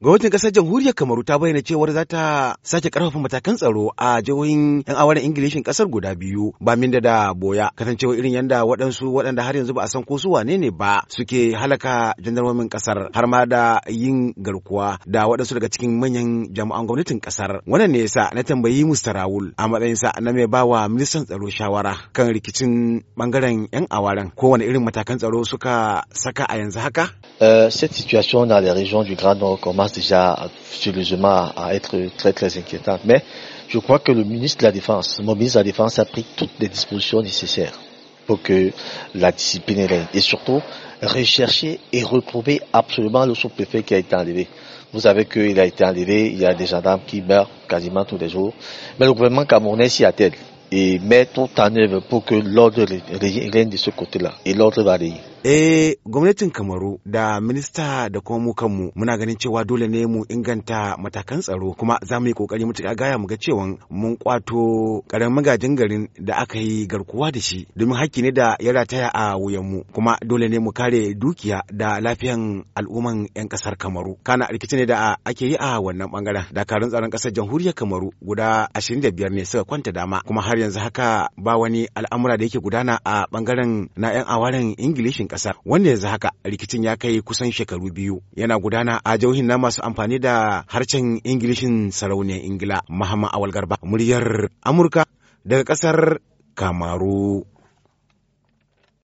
Gwamnatin kasar jamhuriyar Kamaru ta bayyana cewar za ta sake karfafa matakan tsaro a jihohin 'yan awaren Ingilishin kasar guda biyu ba min da boya kasancewa irin yanda waɗansu waɗanda har yanzu ba a san ko su wane ne ba suke halaka jandarmomin kasar har ma da yin garkuwa da waɗansu daga cikin manyan jami'an gwamnatin kasar. Wannan ne yasa na tambayi Mr. Rawul a matsayinsa na mai wa ministan tsaro shawara kan rikicin bangaren 'yan awaren kowane irin matakan tsaro suka saka a yanzu haka. Uh, cette situation dans les régions du Grand Nord commence déjà sérieusement à être très très inquiétante. Mais je crois que le ministre de la Défense, mon ministre de la Défense, a pris toutes les dispositions nécessaires pour que la discipline règne. Et surtout, rechercher et retrouver absolument le sous-préfet qui a été enlevé. Vous savez qu'il a été enlevé, il y a des gendarmes qui meurent quasiment tous les jours. Mais le gouvernement camerounais s'y attelle et met tout en œuvre pour que l'ordre règne de ce côté-là. Et l'ordre va régner. Eh gwamnatin Kamaru da minista da kuma mu kanmu muna ganin cewa dole ne mu inganta matakan tsaro kuma za mu yi kokari mutuka gaya mu ga cewa mun kwato karamin magajin garin da aka yi garkuwa da shi domin hakki ne da ya rataya a wuyan mu kuma dole ne mu kare dukiya da lafiyan al'umman 'yan kasar Kamaru. Kana rikici ne da ake yi a wannan bangaren. Dakarun tsaron kasar jamhuriyar Kamaru guda 25 ne suka kwanta dama kuma har yanzu haka ba wani al'amura da yake gudana a bangaren na 'yan awaren Ingilishin ƙasar wanda yanzu haka rikicin ya kai kusan shekaru biyu yana gudana a jauhin na masu amfani da harshen ingilishin sarauniyar ingila mahama awal garba muryar amurka daga ƙasar kamaru